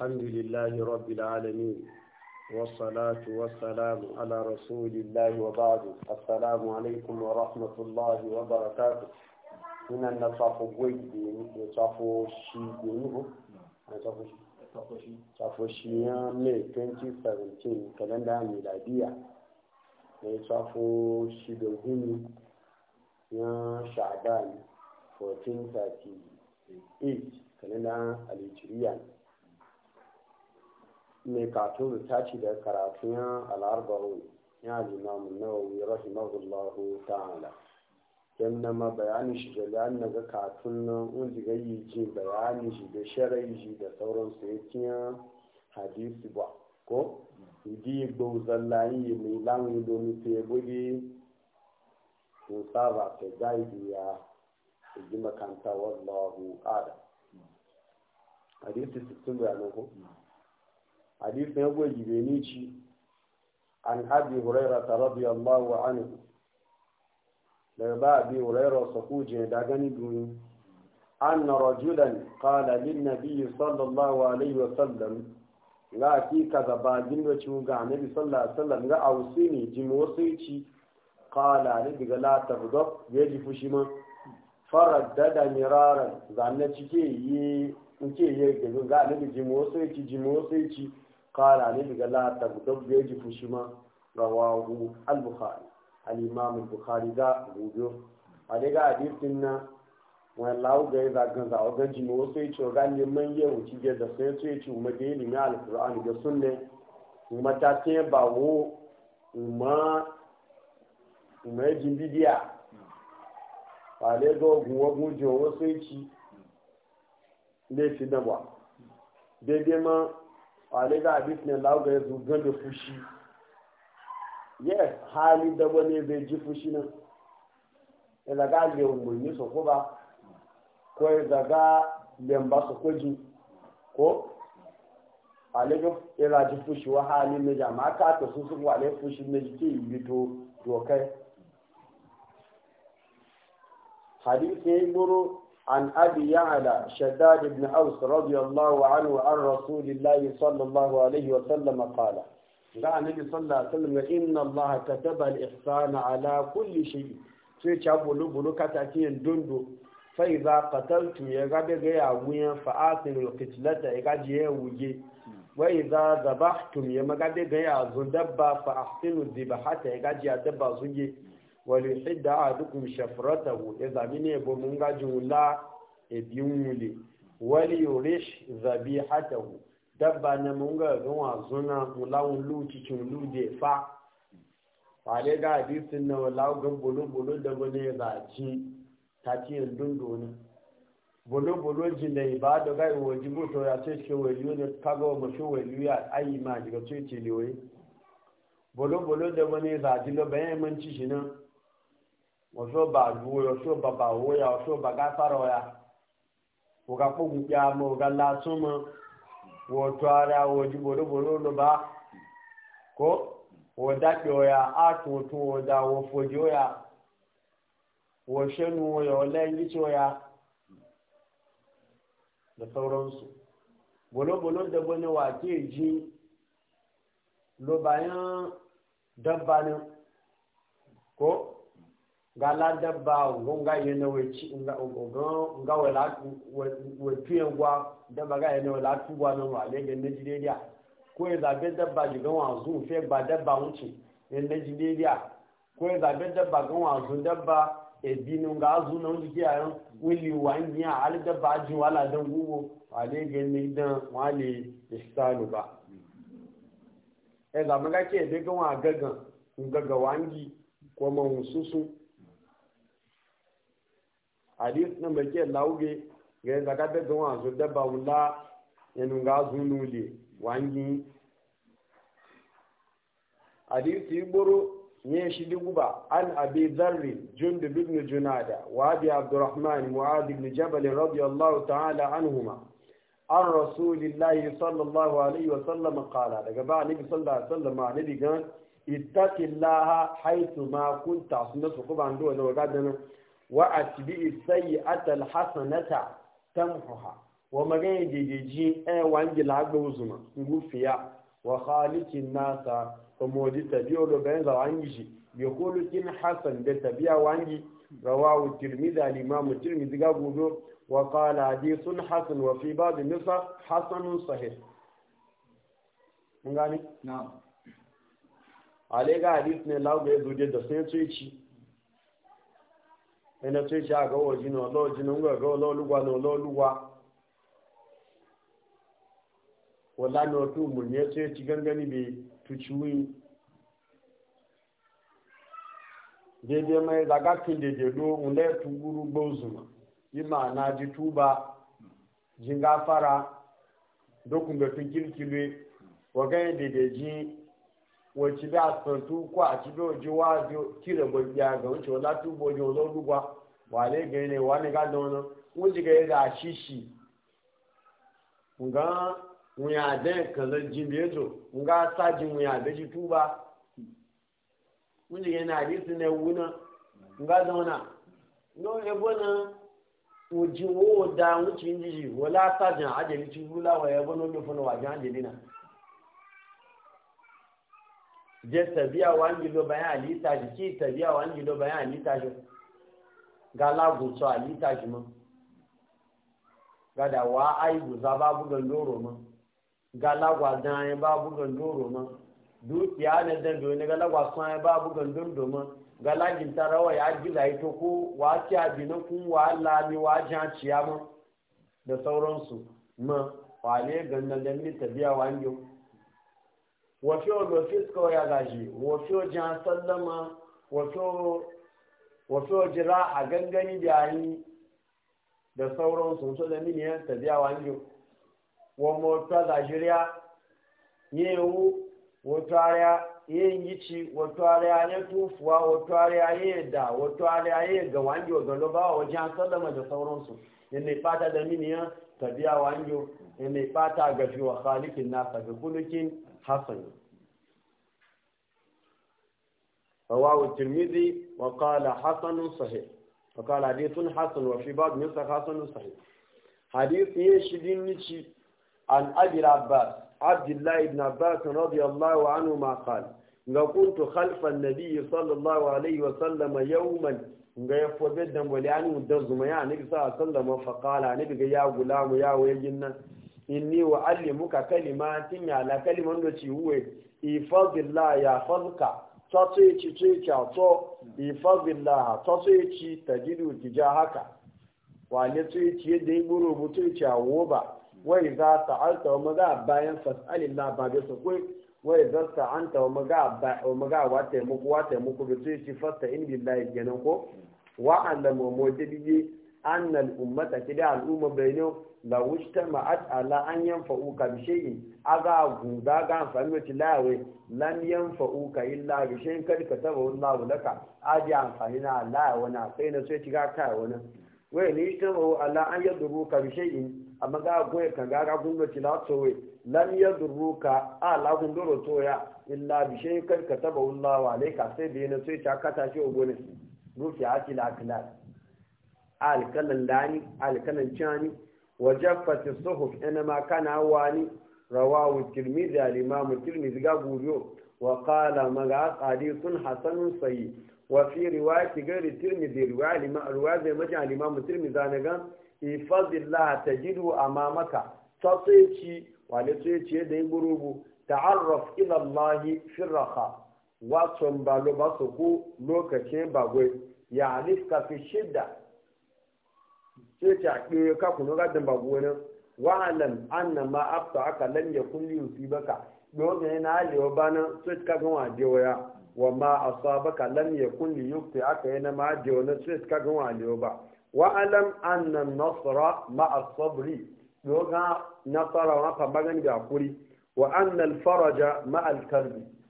الحمد لله رب العالمين والصلاة والسلام على رسول الله وبعد السلام عليكم ورحمة الله وبركاته من النصف قويد نصف شيء نصف شيء مي 2017 كالندا ميلادية نصف شيء بالهم يا شعبان 1438 كالندا الهجرية mai katun littafi da karatu karatun al'arbaru ya limamu nawawi rahimahullahu ta'ala yan na ma bayani shi da na ga katun nan un ziga yi ji bayani shi da sharai shi da sauransu ya kiya hadisi ba ko idi ba zallayi mai lamun domin ta ya gode sun saba ta gaibiya ta ji makanta wallahu ƙada hadisi sun bayanan ko mm. حديث يبوي جبينيشي عن أبي هريرة رضي الله عنه لبا أبي هريرة صفوجي داغني دوني أن رجلا قال للنبي صلى الله عليه وسلم لا في كذا باجين وشوغا النبي صلى الله عليه وسلم لا أوصيني جموسيتي قال نبي لا تغضب يجب شما فردد مرارا زعلنا تشكي يي nke yi gani ga alibi jimosoici jimosoici قال ne daga la ta gudab da yaji fushima rawahu al-bukhari al-imam al-bukhari ga gudo a ne ga wani lawo ga yadda gan za a gaji ma wasu ya ce ga neman yi da sai su ya ce umar da ilimin al-qur'an sunne ta ba wo ci ba ma wale ga abis ne lauga ya zugan da fushi yes hali daba ne zai ji fushi nan ya zaga lemunyi su ko ba ko ya zaga lemba su ko ji ko wale ga ya ji fushi wa hali na jama'a ka ta su sun wale fushi na jike yi to dokai hadisi ya yi عن أبي يعلى شداد بن أوس رضي الله عنه عن رسول الله صلى الله عليه وسلم قال قال النبي صلى الله عليه وسلم إن الله كتب الإحسان على كل شيء sai ca bulu bulu katakin dundu sai za qataltu ya gabe ga ya wuyan fa'atin qitlata ya gaje ya wuje wai za zabahtum ya magabe ga ya zundabba fa ahsinu dhibahata ya gaje ya dabba zuge wali hidda a dukkan shafratahu ya zami ne bo mun ga jula e biyunle wali yurish zabihatahu dabba na mun ga ga wazuna mulawun luci cin lude fa fare ga hadisin na walawu ga bolo bolo da bane za ci ta ci dundu ne bolo bolo jin da ibada ga iwoji boto ya ce ce wali ne kaga wa mafi wali ya ayi ma daga ce ce lewe bolo bolo da bane za lo bayan mun ci shi nan wọ́sọ́ bá lu wọ́sọ́ bá bá wọ́sọ́ bá gáfárọ̀ ya wọ́gá kpógun kpé amọ̀ wọ́gá lásán mọ́ wọ́n tó ara wọ́n ju bòlóbòló ló bá kó wọ́n dákẹ́ ọ ya àtúntún wọ́n da wọ́n fojì ọ ya wọ́n sẹ́nu ọ ọlẹ́yìn tí ọ ya da dẹ́gbọ́n ni wà á jí yẹn ni kó. ga ladabba gonga yana wace ga wafiyan gwa dabba ga yana walatu gwa nan wa legan na jidediya ko ya zaɓe dabba ji gan wazu fe ba dabba wuce yan na jidediya ko ya zaɓe dabba gan wazu dabba ebi nun ga azu na wuce kiyayen wuli wa ngiya hali dabba ajin wala don gugu wa de na wale istalu ba ya zaɓe ga ke ebe gan wa gagan gaga wangi ko man susu hadis na mai ke lauge ga yanzu ka daga wasu dabba wula ya nunga su nule wangi hadis yi buru ne shi duguba an abi zarri jund ibn junada wa abi abdurrahman mu'ad ibn jabal radiyallahu ta'ala anhuma an rasulillahi sallallahu alaihi wa sallam qala daga ba nabi sallallahu alaihi wa sallam nabi gan ittaqillaha haythu ma kunta sunna su kuban do da wagadan wa atbi sayyi'ata alhasanata tamhuha wa magana jejeji e wangi lagbo uzuma ngufiya wa khaliqin nasa wa modi tabiyo do bayan za wangi shi bi khuluqin hasan da tabiya wangi rawahu tirmidhi al-imam tirmidhi ga godo wa qala hadithun hasan wa fi ba'd nusakh hasanun sahih mun gani na'am alega hadith ne lagbo ya zo da sun ci ẹni tó ṣe àgọ́wọ̀ jìnnà ọlọ́ọ̀jìnnà ń gbẹ̀gọ́ ọlọ́ọ̀lúwa ní ọlọ́ọ̀lúwa wọ̀lá ní ọdún mùní ẹ tó ṣe gángan níbi tuchuwi dédé ọmọ ẹ zaga kí ló ń gbúrú na di túbà jìngá fara dókùnbẹ̀tún kìrìkìrì wọ̀gá ẹ̀ dèdè jìn wacce bi asfartu ko a ci bi waje wa kira gwabiya ga wuce wala tu boje wazo dugwa wale ga ne wani ga da wani wuce ga a shishi nga wuya da kaza jimbezo nga saji wuya da ji tuba wuce ga na ne wuna nga da wani no ebo na wo da wuce wala ci wa je tabiya wa an bayan alita shi ki tabiya wa an bayan alita shi ga lagunso alita shi man ga da wa ai guza babu gandoro man ga lagwa dan ya babu gandoro man dukiya na dan do ne ga lagwa sun ya babu gandoro man ga lagin tarawa ya gila to ko wa ci abinu kun wa lami wa jan ciya man da sauransu man wale gannan da ni tabiya wa an wofio lofisko ya gaji wofio jan sallama wofio jira a gangani da yi da sauran sun so da miliyan tabiya wanjo wa mota da jiriya yewu wotarea ye yici wotarea ne tufuwa ya yi da wato wotarea ye ga wanjo ga lobawa wajen sallama da sauransu mai fata da miniyan miliyan tabiya Ya mai fata ga fiwa khalikin nasa ga kulukin حصل رواه الترمذي وقال حسن صحيح وقال حديث حسن وفي بعض نسخ حسن صحيح حديث يشدين نشي عن أبي العباس عبد الله بن عباس رضي الله عنه ما قال كنت خلف النبي صلى الله عليه وسلم يوما ga ya fobe dan wali an mudan zuma ya nabi sallallahu alaihi fa qala nabi ga ya gulamu ya wayyin nan inni wa allimuka kalimatin ya la kaliman da ci huwe ifadillah ya fadka tsotso ya e ci tsoye kyato ifadillah tsotso ya e ci tajidu tija haka wale tsoye ci yadda yi buru mutu ya a wo ba wai za ta alta wa maga bayan fas'alillah ba bai sakwai wai za ta anta wa maga wa taimako wa taimako da tsoye ci fasta in billahi kenan ko wa'an da mamoje biye an annal ummata da al'umma bai bayno la wujta ma'at ala an yanfa'uka bi shay'in aga a ga amfani wati lawe lam yanfa'uka illa bi shay'in kad kataba Allahu laka ajiye amfani na Allah wana sai na sai kiga kai wani wai ni tamo ala an ka bi shay'in amma ga goye kan ga ga gungo tilato wai lam yadruka ala gundoro toya illa bi shay'in kad kataba Allahu alayka sai bi na sai ta kata shi ogone rufi akila akila alkalan dani alkalan cani wa jaffati suhuf ina kana wani rawahu tirmidhi al-imam tirmidhi ga gubiyo wa qala maga hadithun hasanun sayyi wa fi riwayati ghairi tirmidhi riwaya al-imam zai mace al-imam tirmidhi zanaga ifadillah tajidu amamaka tsatsici wale tsici da gurubu ta'arraf ila Allah fi raha wa tumbalu ba su ku lokacin bagwai ya alifka fi shidda sai ta ke ka kuno ga ba gonan wa'alam anna ma afta aka lan ya kulli yusibaka don ne na alewa bana sai ka ga wa waya wa ma asabaka lan ya kulli yukti aka yana ma na sai ka ga wa alewa ba wa'alam anna nasra ma as-sabri don ga nasara wa fa bagan da kuri wa anna faraja ma al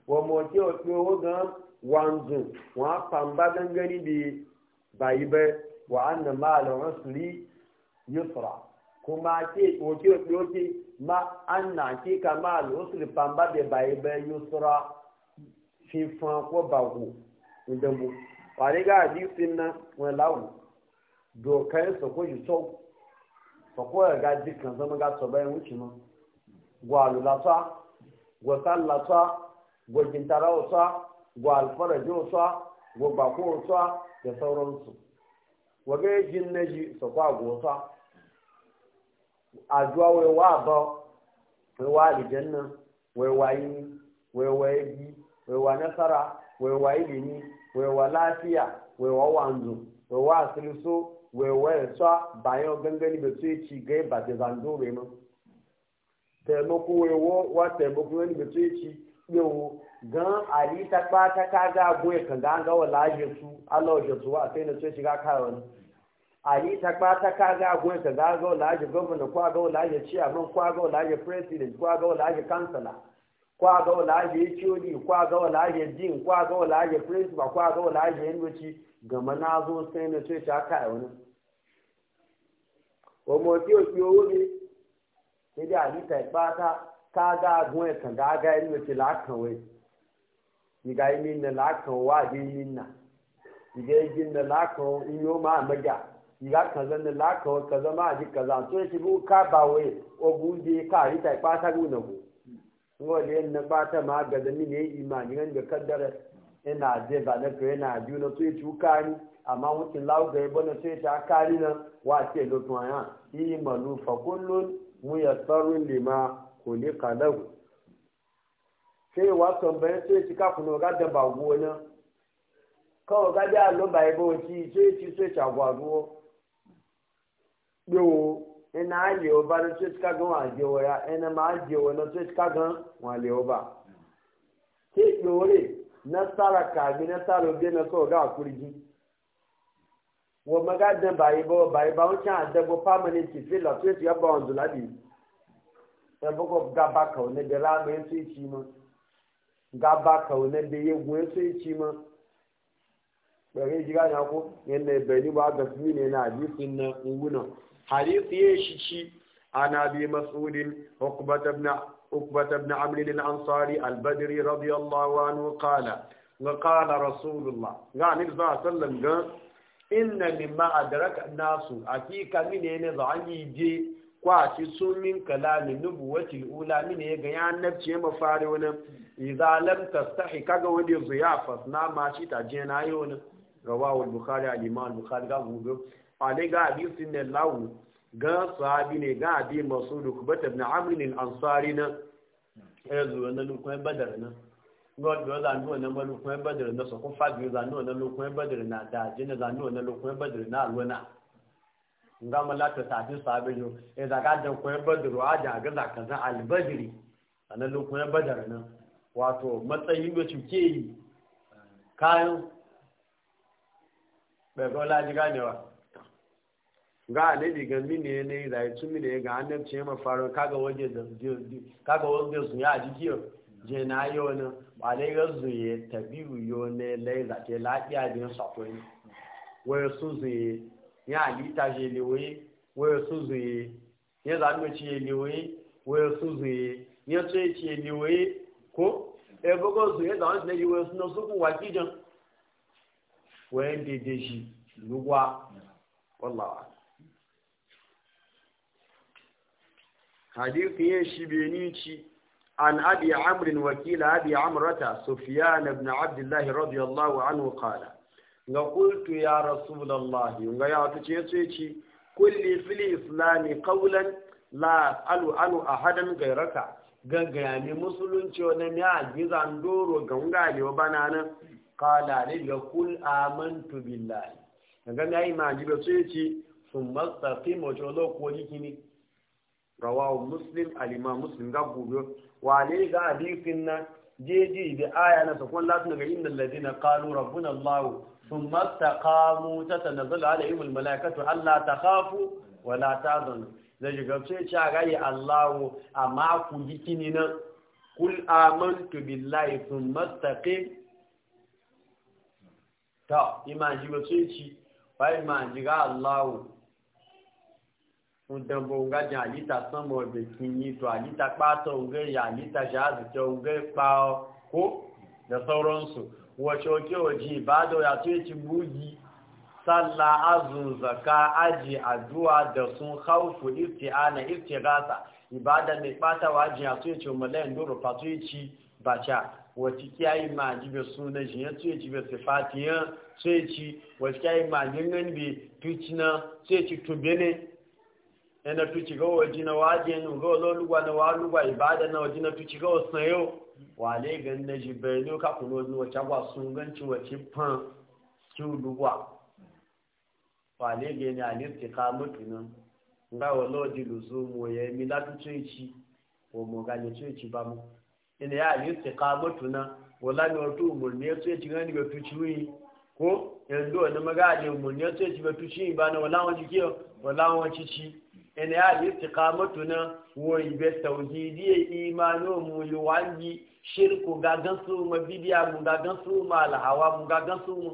wa mo ke o ga wanzu wa pamba gangani bi bayi bai wa anna ma'al usri yusra kuma ke oke oke ma anna ke ka ma'al usri pamba de bai bai yusra fifan ko bago idan mu fare ga hadisin nan wani lawo dokar sa ko yi sau sa ko ya ga dukkan zama ga sa bayan wuce ma gwalu lasa gwasan lasa gwajintara wasa gwalfara josa gwabako wasa da sauransu wage jin na ji so kwa gosa ajuwa wai wa ba wai wa aljanna wai wa wee wa yi wai wa nasara wai wa ilimi wee wa lafiya wee wa wanzu wai wa asiliso wai wa yasa bayan gangani da su yi ci gai ba da yau gan alita ta kpata ka ga goye kan ga an gawa laje su Allah ya su a sai na so shiga ka wani ali ta ka ga goye kan ga kwa laje gwamna ko gawa laje chairman ko gawa laje president ko gawa laje councilor ko HOD dean principal gama na zo sai na so shiga o ka ga gun kan ga ga yin ce la kan we ni ga yin na la kan wa ji yin na yi ga yin na la kan in yo ma maja ni ga kan zan na la kan ka zama ji kaza to shi bu ka ba we o bu je ka ri ta pa ta gu na bu ngo le na ba ta ma ga da ni ne imani ngan ga kaddara ina e je ba na ko ina e ju na to yi e ka ni amma wucin lawo ga yabo na sai ta kari na wa ce a aya yi malu fa kullun muyassarun lima khuliqa lahu sai wa kan bayan sai ci kafin ga da ba gona kawo ga da lo ba ibo ci sai ci sai ta gwaduwo o ba sai ci ka gan wa je wa ya ina ma je wa na sai ka gan wa le o ba sai dole na sara ka bi na sara bi na ga kurji wo maga da ba ba ebugo gaba ka one de la me su ichima gaba ka one de ye gwe su ichima bere jiga na ko ne be ni ba ga fi ne na ji sin na nguno hadithi ye shichi ana bi mas'ud ukbat ibn ukbat ibn amr al ansari al badri radiyallahu kala qala wa qala rasulullah ga ni ba sallan ga inna mimma adraka an-nasu akika mine ne zan yi je kwaci sun min kalamin nubuwati ula mini ya ganya annabci ya mafari wani idza lam tastahi kaga wani ziyafa na ma shi ta je na yi wani rawahu al-bukhari al-imam al-bukhari ga gudu ale ga hadisin ne lawu ga sahabi ne ga abi masud kubat ibn amr al-ansari na yanzu wannan lokacin badar na god do zan do nan lokacin badar na so ko fa biyo zan do nan lokacin badar na da jinna zan do nan lokacin badar na alwana nga malata tafin sabijo ya e zaga da koyan badru a da ga zakazan albadiri a nan lokunan badar nan wato matsayin da cuke yi kayan ɓarɓar laji ganewa ga wa ga mi ne da ci tun ne ga annabci ma mafarin kaga waje da kaga waje su ya jiki je na yo wani ba le ga ye tabi'u yo ne ya zake lafiya ko ni wo su zuye ya alita je lewe waya suzuye ya zaɗuwa ci lewe waya suzuye ya tsaye ci lewe ko ya bugo su ya zaɗuwa na lewe suna sukun waki jan wayan daidai shi lugwa wallawa حديث يشبينيتي an أبي عمرو وكيل أبي عمرة abi بن عبد الله رضي الله عنه قال ga kultu ya rasulullah ga ya ta ce sai ci kulli fil islami qawlan la alu anu ahadan gairaka gaggaya ne musulunci wa nan a gizan doro ga ngalewa bana nan qala li ga kul amantu billahi ga ga yi maji ba ce ci sun mastaqim wa jolo ko likini rawahu muslim alima muslim ga gobe wa ne ga hadisin nan jeji da aya na sakon lati ga inda ladina qalu rabbuna allah ثم استقاموا تتنزل عليهم الملائكة ألا تخافوا ولا تحزنوا zai shiga sai ci ga gayi Allahu amma ku yi kini nan kul amantu billahi sun mastaƙe ta imanji ba sai ci ba imanji ga Allahu dan bo nga jan alita san mo be kinyi to alita pa to nge ya alita ja zu to nge pa ko da sauransu wacoke waje ba da ya ce ci bugi sallah azun zaka aji addu'a da sun haufu iftiana iftigasa ibada ne bata waje ya ce ci mulayin duru fatoci bacha wata yi ma bai suna shi ya ce ci bai sifatiyan ce ci wata kiyayi majin nan bai tuci na ce ci tubene Ena tuci ga waje na waje yin ga loluwa na waluwa ibada na waje na tuci ga wasan yau wale gan na ji bayanu ka kuma wani wace ba sun ganci wace fan cikin dubuwa wale gan ya ne su ka mutu nga wa lodi lusu mu ya mi latu tuci ko mu ga ne tuci ba mu ina ya ne su ka mutu nan wala ne wato umurni ya tuci ga ni ga tuci ko yanzu wani magajin umurni ya tuci ga tuci ba na wala wani kiyo wala wani cici ene ya li istiqamatu na wo ibe tawhidi e imanu mu yuwangi shirku ga gansu ma bidiya mu ga gansu ma alhawa mu ga gansu mu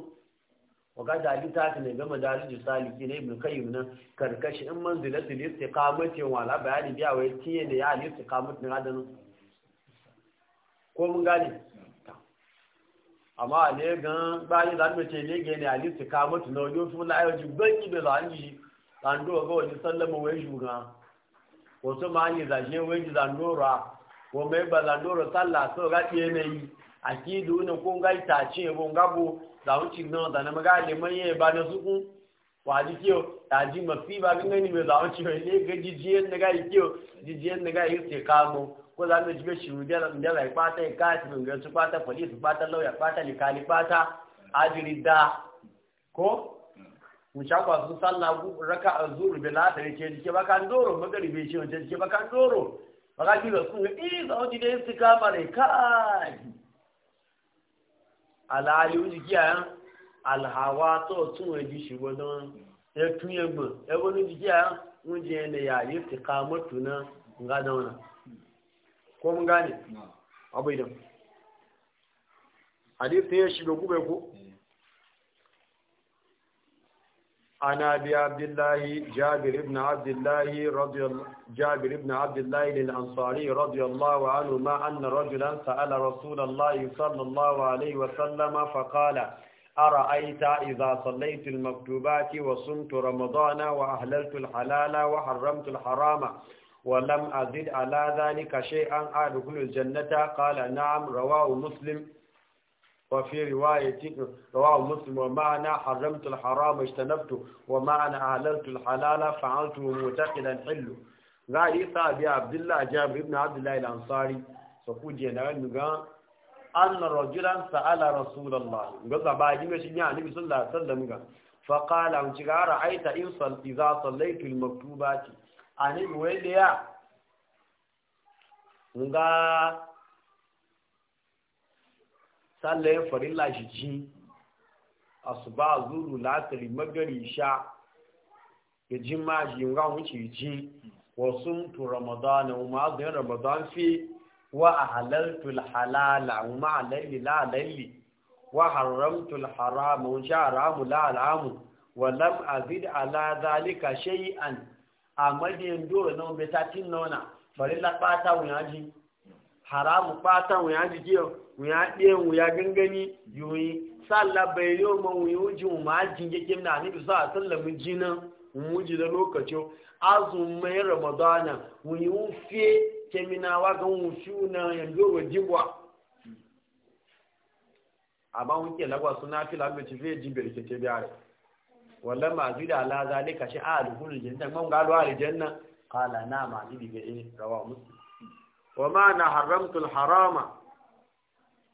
waga da alita ta ne gama da aliju saliki ne ibn kayyim na karkashi in manzilatu li istiqamati wa la bayani biya wai tiye ne ya li istiqamatu na hadanu ko mun gane amma ne gan bayan da ce ne ga ne ali istiqamatu na wajen ayo ji ban ibe la an zando ga wani sallama wai shugaba wasu ma ne zashe wai ji zandora ko mai ba zandora sallah so ga ɗiye ne yi a kidu ne ko ga ita ce ko ga bo za mu ci nan da na maga liman yayi ba na ku wa ji kiyo ta ji mafi ba ga ni me za mu ci ne ga ji da ga yi ji ji da ga yi ce kamo ko za mu ji be shi da da la ta e ka ti ngi su pata police pata lawyer ta likali pata ajiri da ko mucakwa sun sallah raka a zuru bi latari ce jike baka doro magaribe ce wace jike baka doro baka ji eh, ga sun eh za wuce da yin kama ne kai wuce alhawa to tun waje shigo don ya tun ya gbọn ya wani wuce yana yayi fi kama tuna ga ko mun gane abu idan ya shiga gube ko عن أبي عبد الله جابر بن عبد الله رضي الله جابر بن عبد الله الأنصاري رضي الله ما أن رجلا سأل رسول الله صلى الله عليه وسلم فقال أرأيت إذا صليت المكتوبات وصمت رمضان وأهللت الحلال وحرمت الحرام ولم أزد على ذلك شيئا أدخل الجنة قال نعم رواه مسلم وفي رواية رواه مسلم ومعنى حرمت الحرام اجتنبته ومعنى أعلنت الحلال فعلته متقدا حله لا يسعى عبد الله جابر بن عبد الله الأنصاري سقوط جنرال أن رجلا سأل رسول الله قصة بعد ما مشي النبي صلى الله عليه وسلم فقال أن تقار عيت إنسان إذا صليت المكتوبات أنا بولي يا sallar farilla a su asuba zuru latari magari sha ya ji ma yin gawon ci ji wasu mutu ramadana ma zai ramadan fi wa a halartu halala ma halalli la wa haramtu harama wa sha haramu la haramu wa lam azid ala zalika shay'an amadiyan dole na umbe tatin nona farilla pata wuyaji haramu pata wuyaji kiyo wuya ɗiyan wuya gangani yoyi Sa bai yau ma wuya wujin ma jinge yake na anibi sa sallamin jinan wuji da lokacin azumai ramadana wuya wufe keminawa kan wufi na yanzu wa jibwa amma wuke lagwa suna fi lagwa ci fiye jibir ke ce biyare wallan ma da alaza ne shi a alhulul janna man galo aljanna Kala na ma zidi ga eh rawa muslim wa ma na haramtun harama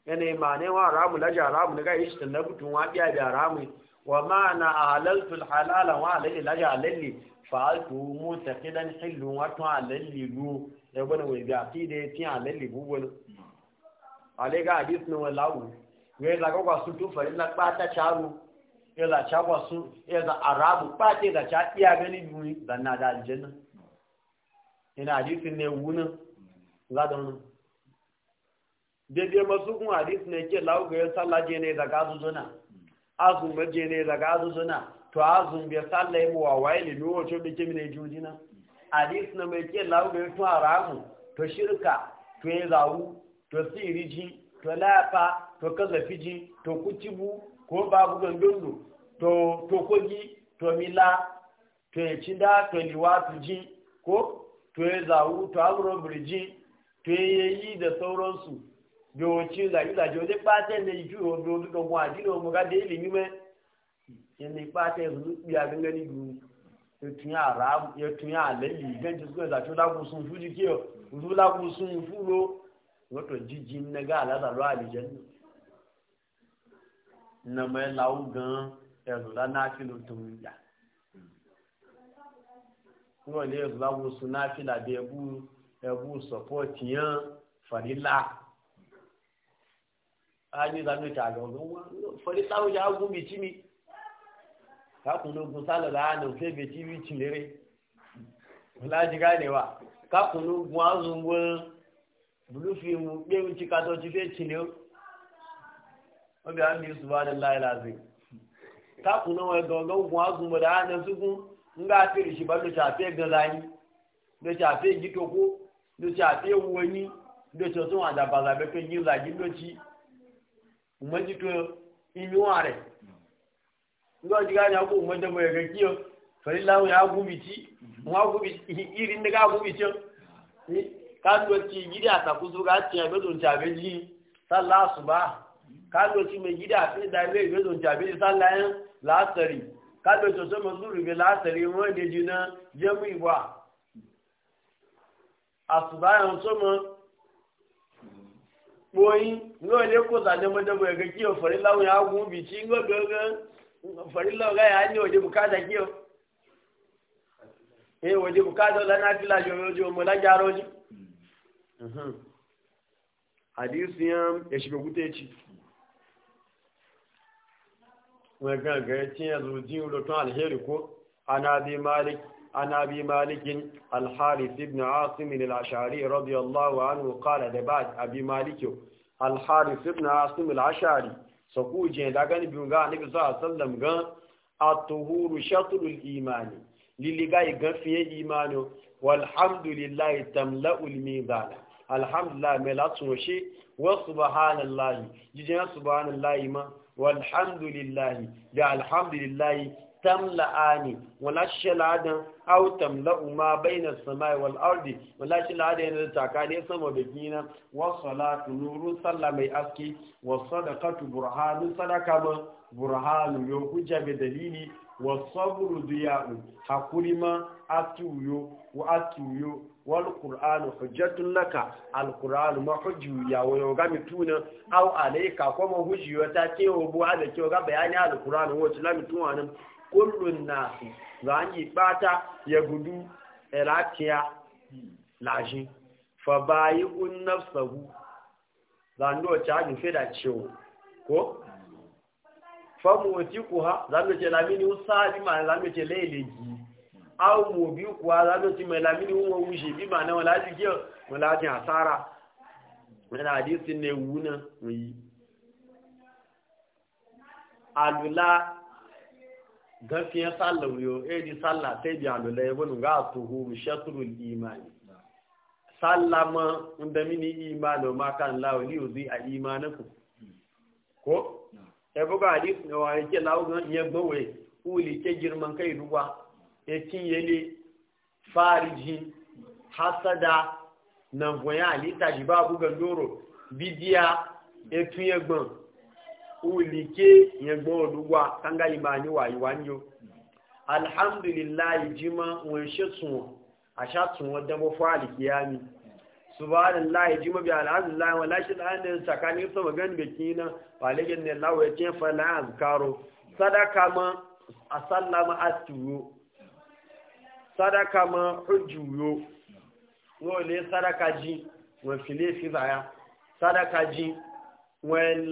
yana ma ne wa haramu laji haramu daga ishi tun labutun wa biya da haramu wa ma na halaltul halalan wa halalli laji halalli fa'altu mu taqidan hillu wa tu halalli lu ya bana wai biya ti da ti ale bubul alega hadith ne wallahu we la ko kwa su tu fa illa pata charu ya la cha kwa su ya da arabu ta da cha iya gani duni dan na da aljanna ina hadith ne wuna la da wannan daidai masu kun hadis ne ke ya sallah je ne daga azuzuna azumar je ne daga azuzuna to azum bai sallah yi wa waye limi wacce bai ke mine jujina hadis na mai ke ya tun haramu to shirka to ya zawu to siriji to lafa to kazafiji to kucibu ko babu gandundu to kogi to mila to ya cida to liwatu ji ko to ya zawu to amurin birji to ya yi da sauransu yòòtí làjúlàjò ní pàtẹ lè ju òbí olùdókun àdínà ọmọgádé ilé mímẹ ní pàtẹ olùpì agẹgẹ nílùú ètùyàn àrà ètùyàn àlẹ yìí gẹjọ sọgbọn ìlàjọ lágùnsùn fún jíkẹ ọ òtún lágùnsùn fún lo wọtọ jíjí nẹgà alásàlọ àlejẹ nù. nàmọ ẹ làwù gan ẹrù lánàá fi lò tó ń yà wọn ní ẹrù lágùnsùn náà fi làbẹ ẹbú ẹbú sọpọ tìyàn fàrílà. hanyar zanen ta ga gaugan fari tsawon ya hagu mai cimi kakunu la da hannun sai bai cimi cinere laji ganewa kakunu gwazon bulu bulufi mu ɗewin cikatoci fai cinere wabi an biyu su ba e e da lailazi kakunu wai gaugan gwazon da hannun sukun nga ga fi shi ba lo shafe gazani lo shafe gitoko lo shafe wani lo shafe wanda ba zaɓe kan yin zagin loci umarci to imi ware zuwa ji gani ako umarci mai gakiyo farin lamun ya gubici ma mhm. gubici irin da ga gubicin ah. kasuwanci gida ta kusa ga ce ya bezon cabe ji sallah su ba mhm. kasuwanci mai gida fi da mai bezon cabe ji sallah yan lasari kasuwanci sama la bi lasari wanda ji na jami'a mhm. asuba yan sama boyi ngo le ko za ne mada bo ga kiyo farilla mu ya gu bi ci ngo ga ga farilla ga ya ni waje bukata kiyo E eh, waje bukata la na tila jo jo mu la jaro ji mhm. hadisi yam ya shi gute ci wa ga ga ci ya zo ji lo to alheri ko ana bi malik عن أبي مالك الحارث بن عاصم الاشعري رضي الله عنه قال دبات أبي مالك الحارث بن عاصم العشعري سكوجين داغان بيونغا النبي صلى الله عليه وسلم قال الطهور شطر الإيمان للغاية في إيمانه والحمد لله تملأ الميزان الحمد لله ملأت وشي وسبحان الله جيجنا سبحان الله ما والحمد لله جاء الحمد لله tamla'ani wala shaladan aw tamla'u ma bayna as-samai wal ardi wala shaladan yana takane sama da gina wa salatu nuru sallamai aski wa sadaqatu burhanu sadaka ma burhanu yo hujja bi dalili wa sabru diya'u hakuri ma wa atiyo wal qur'anu hujjatun laka al qur'anu ma hujju ya wa yo mituna aw alayka kuma hujju ta ce wa bu da ga bayani al qur'anu wa tilamitu anan kullun nasu yi bata ya gudu elatiya laji fa bayi un nafsahu zando ta ju feda ciwo ko fa moti kuha zando ce lamini usali ma zando ce leleji au mu bi kuwa zando ce mai lamini umo wushi bi ma na wala jike wala jin asara wala hadisin ne wuna yi alula gaskiya sallah wuyo e eh, di sallah sai bi alula ya bunu ga tuhu shatrul imani sallah ma inda mini imani ma kan lawo ni uzi a ku ko e buga hadis ne wa ke lawo ga ya gbowe uli ke girman kai ruwa ya kinyele farijin hasada na voya ali tajiba buga ndoro bidiya etu ulike yẹn gbọ́ olúwa kanga yìí wa níwà ìwà ń yó alhamdulilayi jimá wọn ṣe tún wọn àṣà tún wọn dánwó fún àlìkíyá mi subhanallahi jimá bí alhamdulilayi wọn láṣẹ láàrin sàkání sọmọ gani bẹ kí iná wàlẹ́gẹ̀ ní láwọ ẹ̀kẹ́ fẹ́lẹ́ àzùkárò sadaka ma asálàmà àtúwò sadaka ma ojúwò wọn sadaka jí wọn fi lè sadaka jí wọn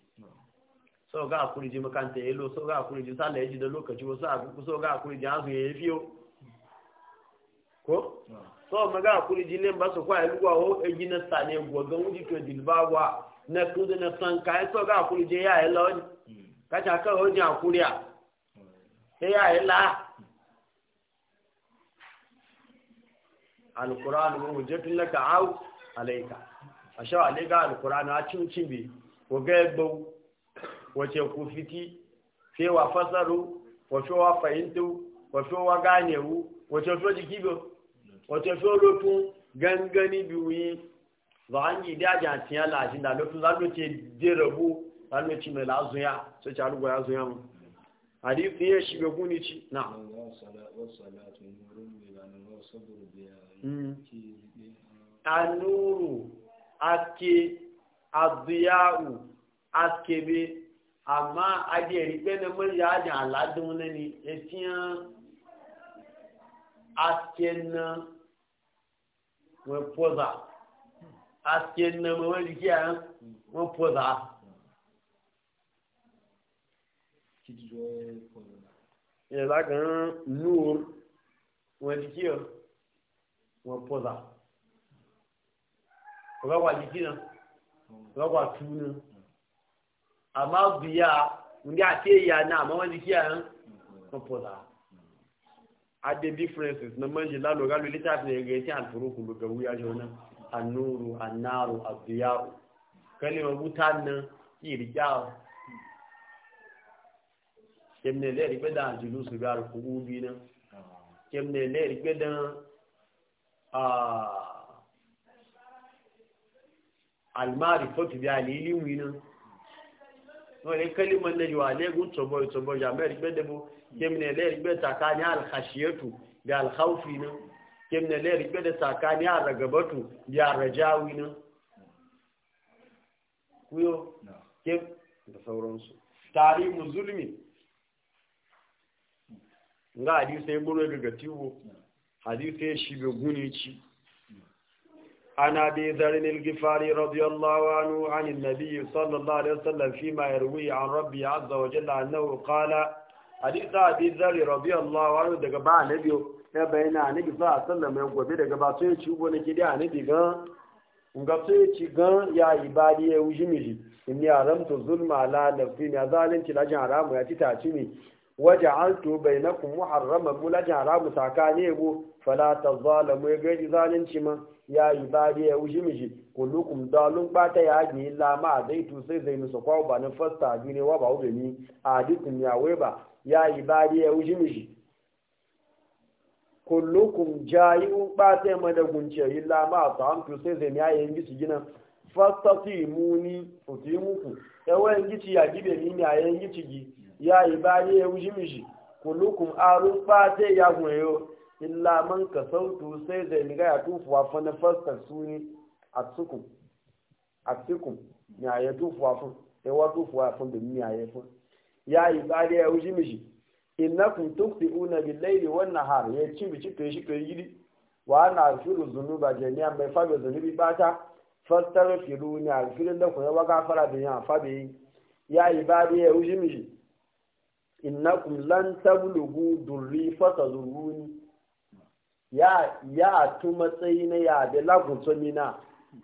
sau ga kuriji makanta ya lo sau ga kuriji sa ya ji da lokaci wasu a kuku sau ga kuriji ji zuye ya fiyo ko sau ma ga kuriji ne ba o na sa ne gwagon wuji to dilbagwa na kudu na san kayan sau ga kuriji ya yi lawan kacha kan hujja kuriya sai ya yi la alkur'an là. hujjatun wace ku fiti fewa fasaru wace wa fahimtu wace wa ganewu wace so jiki biyu wace so lotun gangani biyu yi ba an yi daji a tiyan lashin da lotun zanu ce dirabu zanu ce mai lazuya so ci alugu ya zuya mu hadithin ya shiga guni ci na hmm. anuru ake adiya'u askebe Ama ajiyar rike na murya ajin al'adun wani ne ya fiye asken na wapoza asken na mawari kiya wapoza ya zagan nur wani kiya wapoza rọwà jikina rọwà tunan amma biya ndi a ce ya na amma wani kiya yan kufula a the differences na manji lalo galo littafi ne ga yace alfurukun ga wuya jona annuru annaru abdiyaru kalimar wutan nan kirkiyawa kemne le rigbe da anjilu su ga ku ubi nan kemne le rigbe da a almari fotu bi alili wi nan wani kalimar na yiwa legun tsoboyi tsoboyi amma rigbe da bu kemne le rigbe tsakani alhashiyatu da alhaufi nan kemne le rigbe da tsakani alragabatu da alrajawi nan kuyo kem da sauransu tarihin zulmi nga hadisai buru daga tiwo hadisai shi bai gune ci عن أبي ذر الغفاري رضي الله عنه عن النبي صلى الله عليه وسلم فيما يروي عن ربي عز وجل أنه قال حديث أبي ذر رضي الله عنه دقا باع نبي يبين عن النبي صلى الله عليه وسلم يقول بي دقا باع سوية شوبو نكدي عن نبي قان نقا سوية شيقان يا عبادي يوجي إني أرمت الظلم على نفسي انت لجن عرام يتي تعشمي waja'altu bainakum muharraman mulajan haramu sakane go fala tazalamu ya gaji zalunci ma ya yi bari ya wuce miji kullukum dalun bata ya gni illa ma zaitu sai zai musu kwa ba nan fasta gine wa ba ube ni a adikum ya wai ba ya yi bari ya wuce miji kullukum jayu bata ya mada gunce illa ma ta'amtu sai zai ya yi gisu gina fasta ti muni utimuku yawan gici ya gibe ni ya yi gici gi ya yi baye ya wuji mishi a arun fate ya goyo illa man ka sautu sai da ni ga ya tufuwa fa na fasta suni a tsukum a tsukum ya ya tufuwa fa sai e wa tufuwa fa da ni ya ya fa ya yi baye ya wuji mishi innakum tuqti'una bil-layli wan-nahar ya ci bici to shi to yidi wa ana afiru zunuba jami'an bai fabe zunubi bata a afirin da ku ya waga fara da yan fabe ya yi ba ibadi ya wuji mishi innakum lan tablugu durri fatazuruni ya ya tu matsayi na ya lagun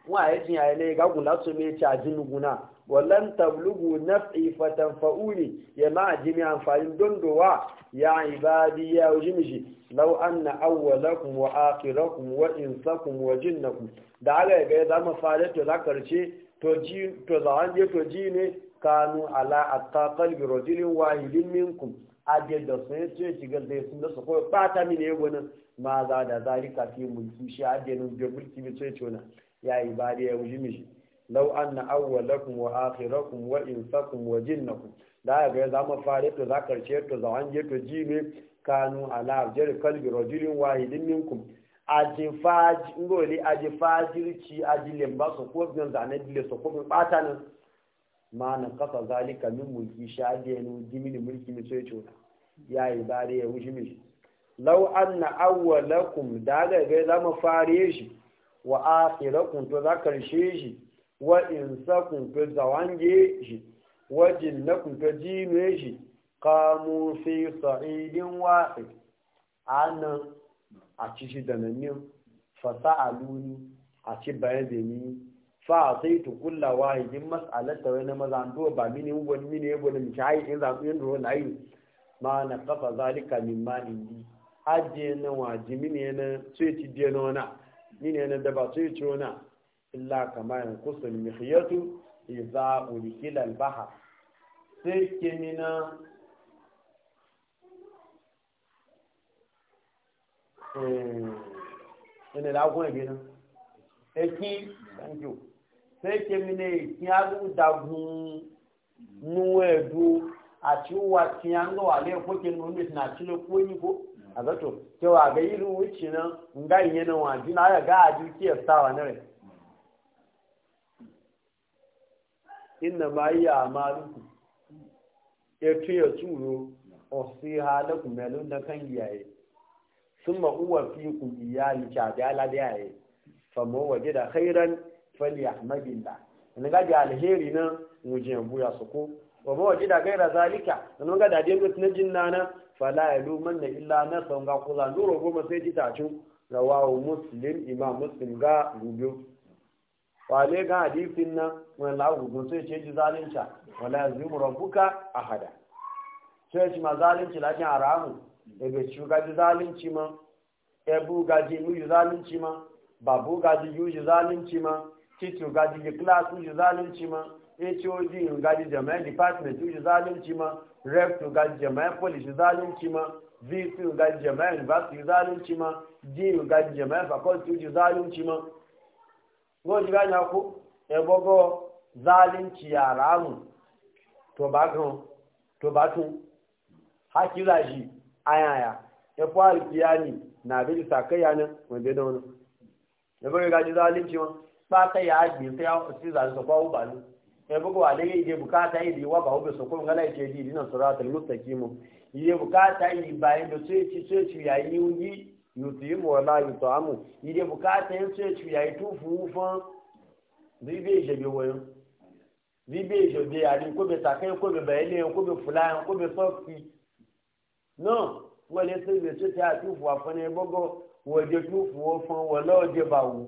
wa ya jin ya ne ga gula so me ta jin guna wallan tablugu naf'i fatanfa'uni ya ma jimi amfani don dowa ya ibadi ya jimiji. law anna awwalakum wa akhirakum wa insakum wa jinnakum da aga ga zama fare to zakarce to ji to zawan je to ji ne kanu ala atta qalbi rajulin wahilin minkum aje da sun ce shiga da sun da su ko bata mini ne gwanin ma za da zalika fi mulki shi aje nun da mulki bi sai tona ya ibadi ya wuji mishi law anna awwalakum wa akhirakum wa insakum wa jinnakum da ga zama fare to za karshe to za an je to ji ne kanu ala ajri qalbi rajulin wahilin minkum aje faji ngoli aje fajirci aje lemba so ko zan zane dile so ko bata nan ma na kafa zalika min mulki shadiyanu jimini mulki mai sai ya yi da ya wuce mishi law anna awwalakum daga ga zama fare shi wa akhirakum to za karshe shi wa insakum to zawange shi wa jinnakum to jime shi qamu fi sa'idin wahid ana a ci shi da nan fasa'aluni a ci bayan da ni fa sai kulla wahidin mas'alata wani mazanto ba mini wani mini yabo da mishi hayi in zaɓi yin ruwan layu ma na kafa zalika min ma indi ajiye na waji mini na sai ci diya na wana mini na daba sai ci wana illa kama yin kusur mihiyatu iza ulikila albaha sai ke la eh, ina lagun ebe nan Eki, thank you. sai ke mine kiyagu da gun nuwe du a ciwa kiyango wale ko ke nuni na cile ko yi ko a zato ke ga irin wuce nan nga yi wa ji na ya ga a ji ke sawa na rai inna ma yi a maluku ya tuya tsuro osi halakun melun na kan iyaye sun ma'uwa fi kun iyali kyaɗe ala da yaye famo waje da khairan fali ahmadillah ina ga da alheri nan mujin buya su ko wa ma da gaira zalika in ga da dai mutun jin nana fala na illa nafsan ga kula nuro goma sai ji tacu rawahu muslim imam muslim ga Wa wale ga hadisin nan wani lagugun sai ce ji zalinta wala yazimu rabbuka ahada sai ci ma zalunci lakin haramu ebe ci ji zalinci ma ebu gaji yuji zalinci ma babu gaji yuji zalinci ma titi ga ji class uji zalunci ma HOD ga ji jami'an department uji zalunci ma rep to ga ji jami'an police zalunci ma VC ga ji jami'an university zalunci ma G ga ji jami'an faculty uji zalunci ma go ga na ku e bogo zalunci yara mu to ba gan to ba tun hakira shi ayaya ya fara kiyani na bi sakaya wanda da wani ya bari ga ji zalunci ma saka ya ji sai ya ci zai so kwawo ba ni sai bugu wa dai ide bukata yi wa ba hobe so ngala ke ji dinan suratul mustaqim ide bukata yi bayan da sai ci sai ci ya yi ungi yutimu wala yutamu ide bukata yi sai ci ya yi tufu fa ribe je be wayo ribe je be ari ko be takai ko be bayele ko be fulan ko be sofi non wọlé sèche tí a tún fún afọ́nẹ́ gbọ́gbọ́ wọ́n jẹ́ tún fún ọ fún wọn lọ́ọ́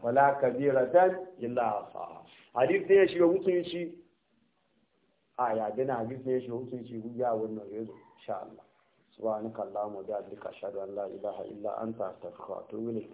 wala kabiratan illa sa hadith ne ya shiga mutunci a ya dana hadith ne ya shiga mutunci guya wannan yanzu insha Allah subhanakallahumma wa bihamdika ashhadu an la ilaha illa anta astaghfiruka wa atubu ilayk